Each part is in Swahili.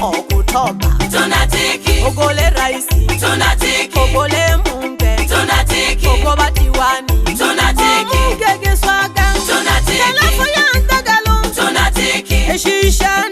Oktoba tunatiki, Ogole raisi tunatiki, Ogole Mumbe tunatiki, Ogoba diwani tunatiki, Mgege swaga tunatiki, Kalafo ya Ndagalo tunatiki, Eshisha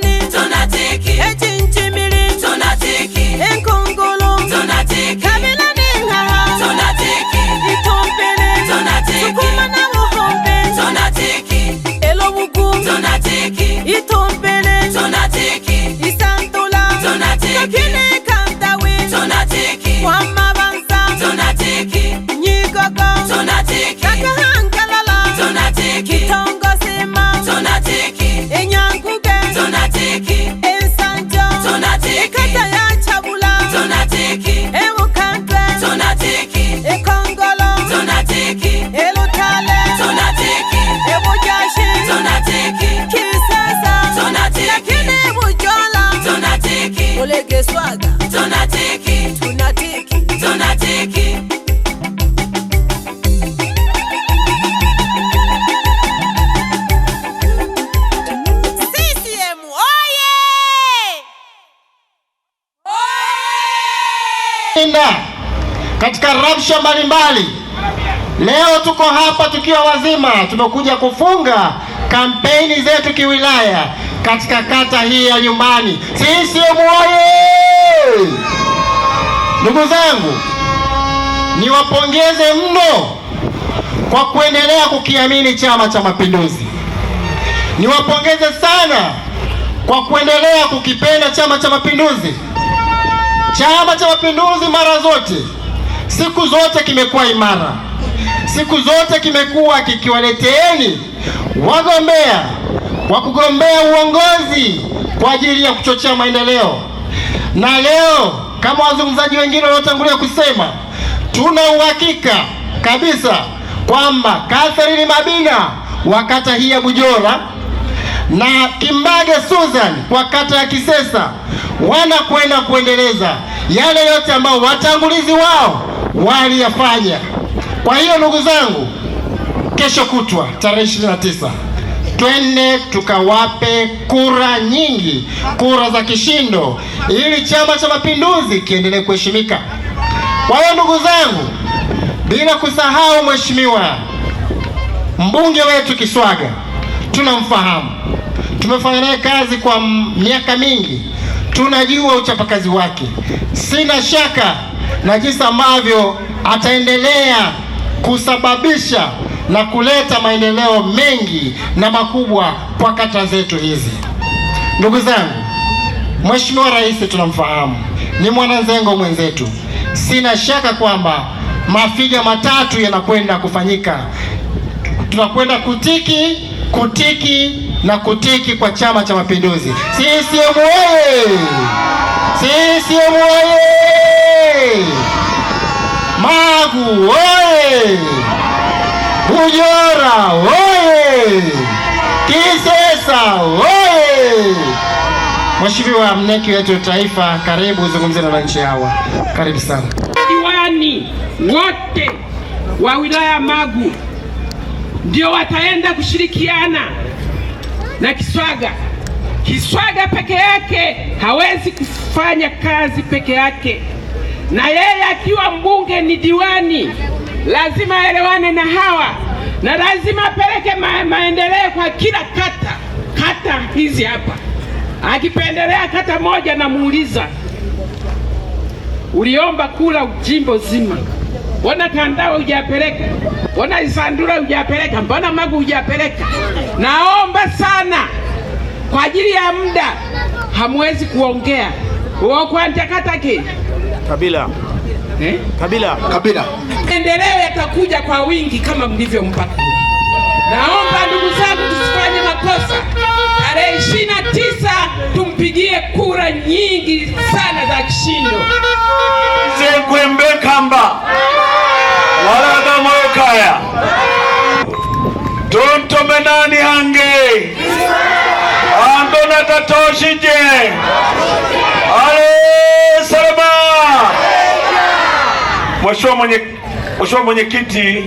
corruption mbalimbali. Leo tuko hapa tukiwa wazima, tumekuja kufunga kampeni zetu kiwilaya katika kata hii ya Nyumbani. CCM oye! Ndugu zangu, niwapongeze mno kwa kuendelea kukiamini Chama cha Mapinduzi. Niwapongeze sana kwa kuendelea kukipenda Chama cha Mapinduzi. Chama cha Mapinduzi mara zote siku zote kimekuwa imara, siku zote kimekuwa kikiwaleteeni wagombea wa kugombea uongozi kwa ajili ya kuchochea maendeleo. Na leo kama wazungumzaji wengine waliotangulia kusema, tuna uhakika kabisa kwamba Catherine Mabina wa kata hii ya Bujora na Kimbage Susan kwa kata ya Kisesa wanakwenda kuendeleza yale yote ambayo watangulizi wao waliyafanya. Kwa hiyo ndugu zangu, kesho kutwa tarehe ishirini na tisa twende tukawape kura nyingi, kura za kishindo, ili Chama cha Mapinduzi kiendelee kuheshimika. Kwa hiyo ndugu zangu, bila kusahau mheshimiwa mbunge wetu Kiswaga, tunamfahamu, tumefanya naye kazi kwa miaka mingi, tunajua uchapakazi wake, sina shaka na jinsi ambavyo ataendelea kusababisha na kuleta maendeleo mengi na makubwa kwa kata zetu hizi. Ndugu zangu, Mheshimiwa Rais tunamfahamu, ni mwanazengo mwenzetu. Sina shaka kwamba mafiga matatu yanakwenda kufanyika. Tunakwenda kutiki, kutiki na kutiki kwa Chama cha Mapinduzi. CCM oyee! CCM oyee! Magu oye! Bujora oye! Kisesa oye! Mheshimiwa mneki wetu taifa, karibu zungumzie na wananchi hawa, karibu sana. Diwani wote wa wilaya Magu ndio wataenda kushirikiana na Kiswaga. Kiswaga peke yake hawezi kufanya kazi peke yake na yeye akiwa mbunge ni diwani, lazima aelewane na hawa na lazima apeleke ma maendeleo kwa kila kata. Kata hizi hapa, akipendelea kata moja, namuuliza uliomba kula ujimbo zima, mbona Tandao hujapeleka? Mbona Isandura hujapeleka? Mbona Magu hujapeleka? Naomba sana kwa ajili ya muda, hamwezi kuongea uokwanjakatake Kabila. Eh? Kabila. Kabila. Maendeleo yatakuja kwa wingi kama mlivyompa. Naomba ndugu zangu, tusifanye makosa. Tarehe 29 tumpigie kura nyingi sana za kishindo. Mheshimiwa mwenye mwenyekiti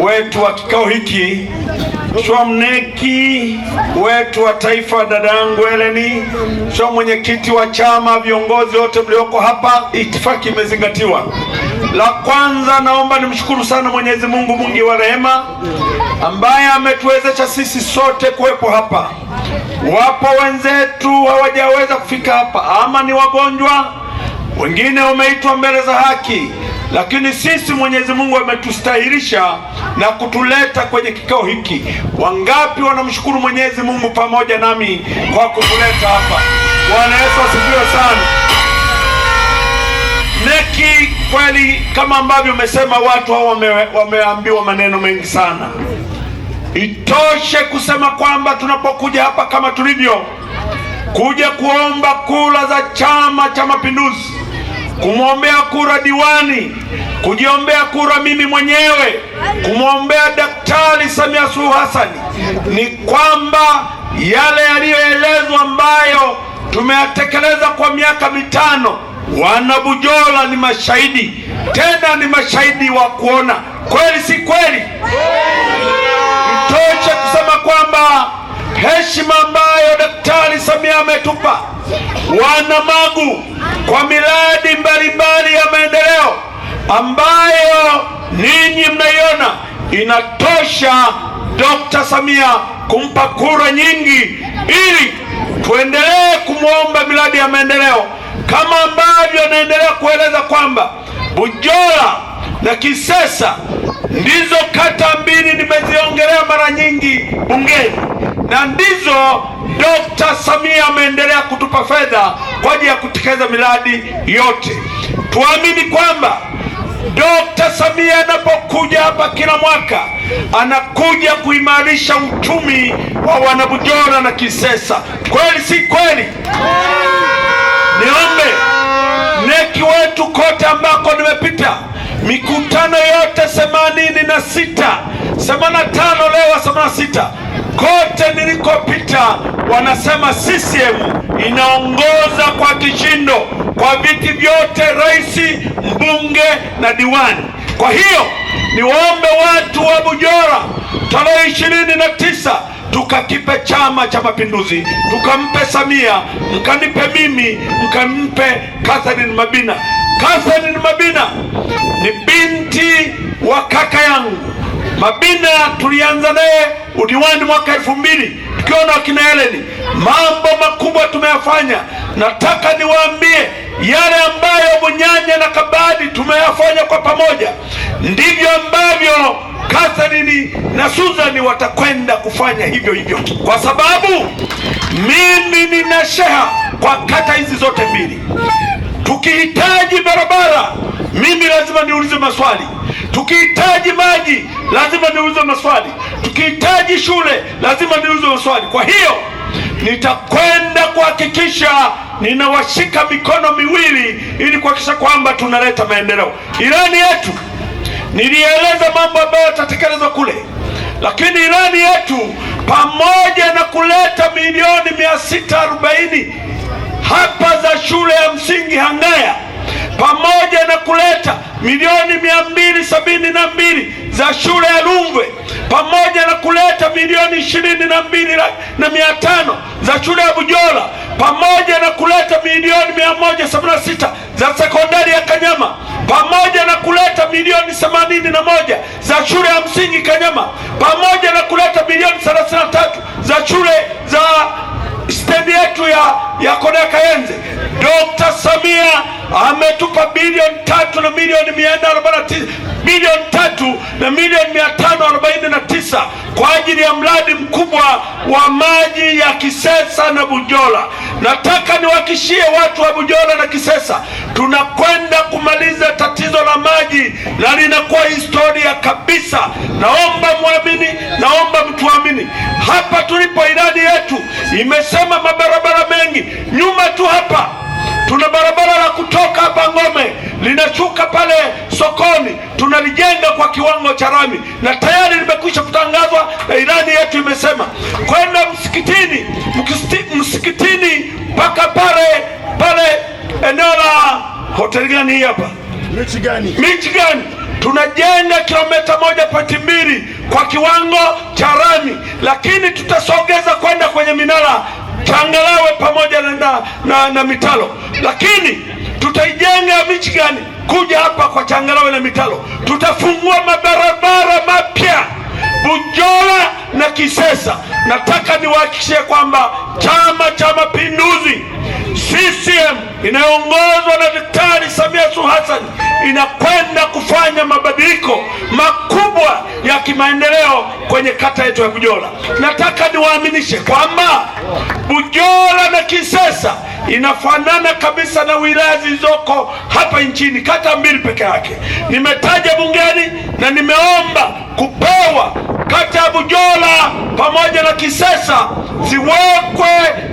wetu wa kikao hiki, Mheshimiwa mneki wetu wa taifa dadangu Eleni, Mheshimiwa mwenyekiti wa chama, viongozi wote mlioko hapa, itifaki imezingatiwa. La kwanza naomba nimshukuru sana Mwenyezi Mungu mwingi wa rehema ambaye ametuwezesha sisi sote kuwepo hapa. Wapo wenzetu hawajaweza kufika hapa, ama ni wagonjwa, wengine wameitwa mbele za haki lakini sisi Mwenyezi Mungu ametustahirisha na kutuleta kwenye kikao hiki. Wangapi wanamshukuru Mwenyezi Mungu pamoja nami kwa kutuleta hapa? Bwana Yesu asifiwe sana. Neki, kweli kama ambavyo umesema, watu hao wame, wameambiwa maneno mengi sana. Itoshe kusema kwamba tunapokuja hapa kama tulivyo kuja kuomba kula za Chama cha Mapinduzi kumwombea kura diwani, kujiombea kura mimi mwenyewe, kumwombea Daktari Samia Suluhu Hassan, ni kwamba yale yaliyoelezwa ambayo tumeyatekeleza kwa miaka mitano, wana Bujola ni mashahidi, tena ni mashahidi wa kuona kweli, si kweli? Itoshe kusema kwamba heshima ambayo Daktari Samia ametupa wana Magu kwa miradi mbalimbali ya maendeleo ambayo ninyi mnaiona inatosha Dr. Samia kumpa kura nyingi ili tuendelee kumwomba miradi ya maendeleo kama ambavyo anaendelea kueleza kwamba Bujora na Kisesa ndizo kata mbili nimeziongelea mara nyingi bungeni na ndizo Dr. Samia ameendelea kutupa fedha kwa ajili ya kutekeleza miradi yote. Tuamini kwamba Dr. Samia anapokuja hapa kila mwaka anakuja kuimarisha uchumi wa Wanabujora na Kisesa. Kweli si kweli? Niombe neki wetu kote ambako nimepita mikutano yote themanini na sita themanini na tano leo themanini na sita Kote nilikopita wanasema CCM inaongoza kwa kishindo kwa viti vyote, rais, mbunge na diwani. Kwa hiyo niwaombe watu wa Bujora, tarehe ishirini na tisa tukakipe Chama cha Mapinduzi, tukampe Samia, mkanipe mimi, mkampe Catherine Mabina. Catherine Mabina ni binti wa kaka yangu Mabina tulianza naye udiwani mwaka elfu mbili tukiwa na wakina Heleni. Mambo makubwa tumeyafanya. Nataka niwaambie yale ambayo Bunyanya na Kabadi tumeyafanya kwa pamoja, ndivyo ambavyo katharini na suzani watakwenda kufanya hivyo hivyo, kwa sababu mimi nina sheha kwa kata hizi zote mbili. Tukihitaji barabara, mimi lazima niulize maswali Tukihitaji maji lazima niuze maswali, tukihitaji shule lazima niuze maswali. Kwa hiyo nitakwenda kuhakikisha ninawashika mikono miwili ili kuhakikisha kwamba tunaleta maendeleo. Ilani yetu nilieleza mambo ambayo yatatekelezwa kule, lakini ilani yetu pamoja na kuleta milioni mia sita arobaini hapa za shule ya msingi Hangaya pamoja na kuleta milioni mia mbili sabini na mbili za shule ya Rungwe pamoja na kuleta milioni ishirini na mbili na mia tano za shule ya Bujola pamoja na kuleta milioni mia moja sabini na sita za sekondari ya Kanyama pamoja na kuleta milioni themanini na moja za shule ya msingi Kanyama pamoja na kuleta milioni thelathini na tatu za shule za stendi yetu ya, ya Konakaenze, Dr. Samia ametupa bilioni tatu na milioni mia nne arobaini na tisa bilioni tatu na milioni mia tano arobaini na tisa kwa ajili ya mradi mkubwa wa maji ya Kisesa na Bujola. Nataka niwahakishie watu wa Bujola na Kisesa, tunakwenda kumaliza tatizo la maji na linakuwa historia kabisa. Naomba mwamini, naomba mtuamini. Hapa tulipo, idadi yetu imesema tunasema mabarabara mengi, nyuma tu hapa tuna barabara la kutoka hapa Ngome linashuka pale sokoni, tunalijenga kwa kiwango cha rami na tayari limekwisha kutangazwa na ilani yetu imesema kwenda msikitini, msikitini mpaka pale pale eneo la hoteli gani hii hapa michi gani, michi gani tunajenga kilomita moja pointi mbili kwa kiwango cha rami, lakini tutasogeza kwenda kwenye minara Changalawe pamoja na, na, na, na mitalo, lakini tutaijenga miji gani? Kuja hapa kwa changalawe na mitalo, tutafungua mabarabara mapya Bujola na Kisesa, nataka niwahakikishie kwamba Chama cha Mapinduzi CCM inayoongozwa na Daktari Samia Suluhu Hassan inakwenda kufanya mabadiliko makubwa ya kimaendeleo kwenye kata yetu ya Bujola. Nataka niwaaminishe kwamba Bujola na Kisesa inafanana kabisa na wilaya zilizoko hapa nchini, kata mbili peke yake nimetaja bungeni na nimeomba kupewa kata ya Bujola pamoja na Kisesa ziwekwe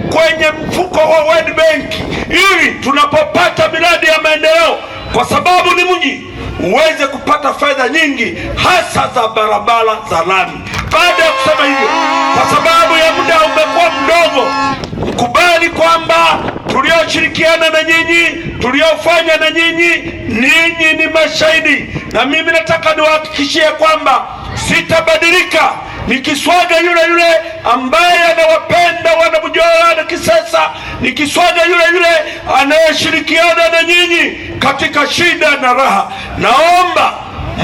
kwenye mfuko wa World Bank ili tunapopata miradi ya maendeleo, kwa sababu ni mji uweze kupata fedha nyingi, hasa za barabara za lami. Baada ya kusema hivyo, kwa sababu ya muda umekuwa mdogo, kubali kwamba tulioshirikiana na nyinyi, tuliofanya na nyinyi, ninyi ni mashahidi. Na mimi nataka niwahakikishie kwamba sitabadilika, nikiswaga yule yule ambaye anawapenda Wanamjomba na Kisesa, nikiswaga yule yule anayeshirikiana na nyinyi katika shida na raha. Naomba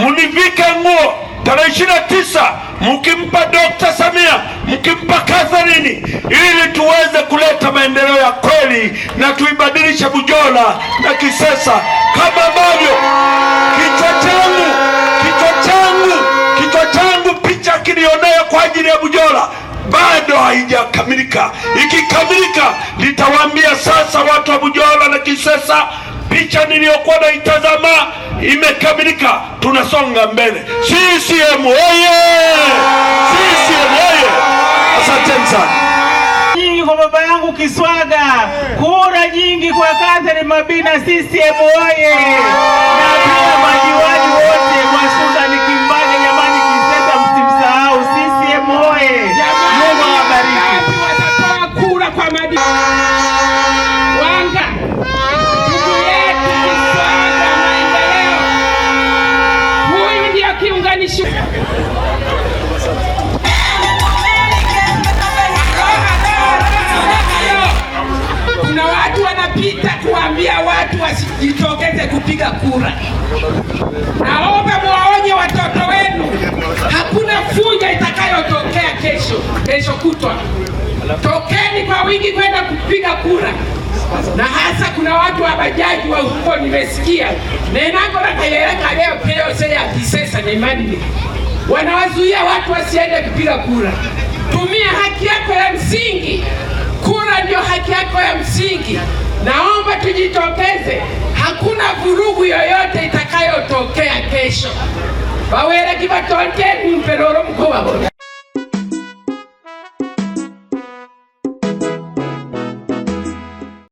mnivike nguo tarehe ishirini na tisa mkimpa Dokta Samia mkimpa katharini ili tuweze kuleta maendeleo ya kweli na tuibadilishe Bujora na Kisesa kama ambavyo kichwa changu kichwa changu kichwa changu picha kilionayo kwa ajili ya Bujora bado haijakamilika. Ikikamilika, nitawaambia sasa watu wa Bujora na Kisesa picha niliyokuwa naitazama imekamilika. Tunasonga mbele. CCM oye! CCM oye! Asanteni sana kwa baba yangu Kiswaga, kura nyingi kwa Catherine Mabina. CCM oye! na pia majiwaji na hasa kuna watu wa bajaji wa huko nimesikia na nakayeleka leo keyose ya kisesa ni wanawazuia watu wasiende kupiga kura. Tumia haki yako ya msingi, kura ndio haki yako ya msingi. Naomba tujitokeze, hakuna vurugu yoyote itakayotokea kesho. waweleki vatonteni mpelolo mkuu wabona